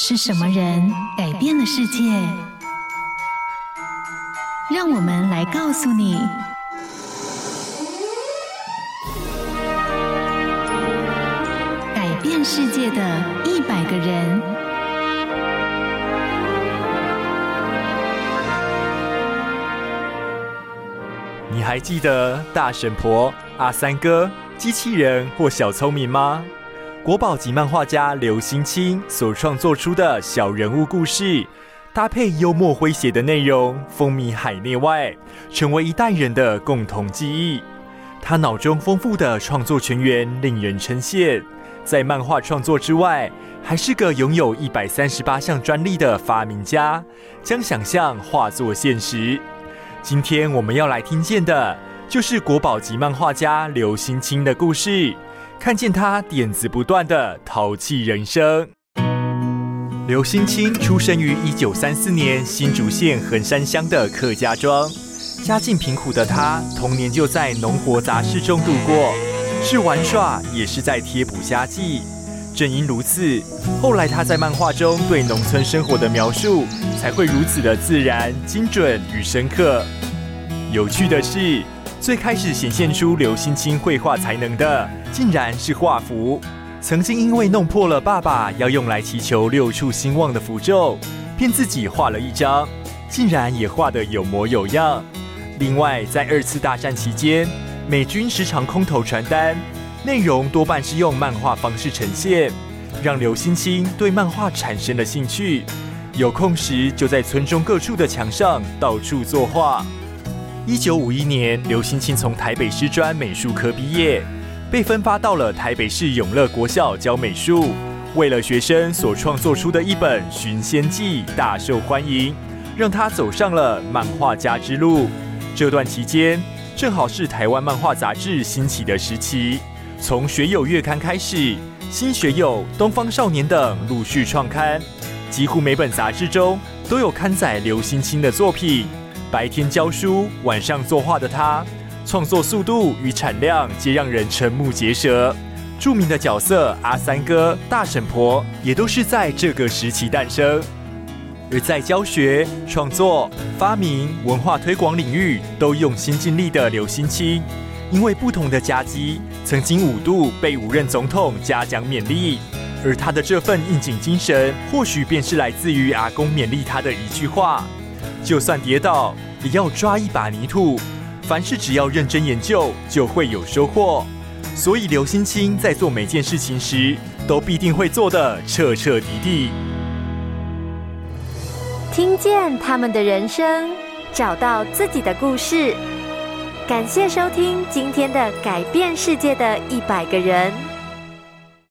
是什麼人改變了世界？讓我們來告訴你：改變世界的一百個人。你還記得大嬸婆、阿三哥、機器人或小聰明嗎？國寶級漫畫家劉興欽所創作出的小人物故事，搭配幽默詼諧的內容，風靡海內外，成為一代人的共同記憶。他腦中豐富的創作泉源令人稱羨，在漫畫創作之外，還是個擁有一百三十八項專利的發明家，將想象化作現實。今天我們要來聽見的，就是國寶級漫畫家劉興欽的故事。看見他點子不斷的淘氣人生。劉興欽出生於一九三四年新竹縣橫山鄉的客家莊，家境貧苦的他，童年就在農活雜事中度過，是玩耍，也是在貼補家計。正因如此，後來他在漫畫中對農村生活的描述，才會如此的自然、精準與深刻。有趣的是，最開始顯現出劉興欽繪畫才能的，竟然是畫符。曾經因為弄破了爸爸要用來祈求六畜興旺的符咒，便自己畫了一張，竟然也畫得有模有樣。另外，在二次大戰期間，美軍時常空投傳單，內容多半是用漫畫方式呈現，讓劉興欽對漫畫產生了興趣。有空時，就在村中各處的牆上到處作畫。一九五一年，劉興欽從台北師專美術科畢業，被分發到了台北市永樂國校教美術。為了學生所創作出的一本《尋仙記》大受歡迎，讓他走上了漫畫家之路。這段期間，正好是台灣漫畫雜誌興起的時期，從《學友月刊》開始，《新學友》《東方少年》等陸續創刊，幾乎每本雜誌中都有刊載劉興欽的作品。白天教書，晚上作畫的他，創作速度與產量皆讓人瞠目結舌。著名的角色阿三哥、大嬸婆也都是在這個時期誕生。而在教學、創作、發明、文化推廣領域都用心盡力的劉興欽，因為不同的佳績，曾經五度被五任總統嘉獎勉勵。而他的這份硬頸精神，或許便是來自於阿公勉勵他的一句話。就算跌倒，也要抓一把泥土。凡事只要認真研究，就會有收穫。所以劉興欽在做每件事情時，都必定會做得徹徹底底。聽見他們的人生，找到自己的故事。感謝收聽今天的改變世界的一百個人。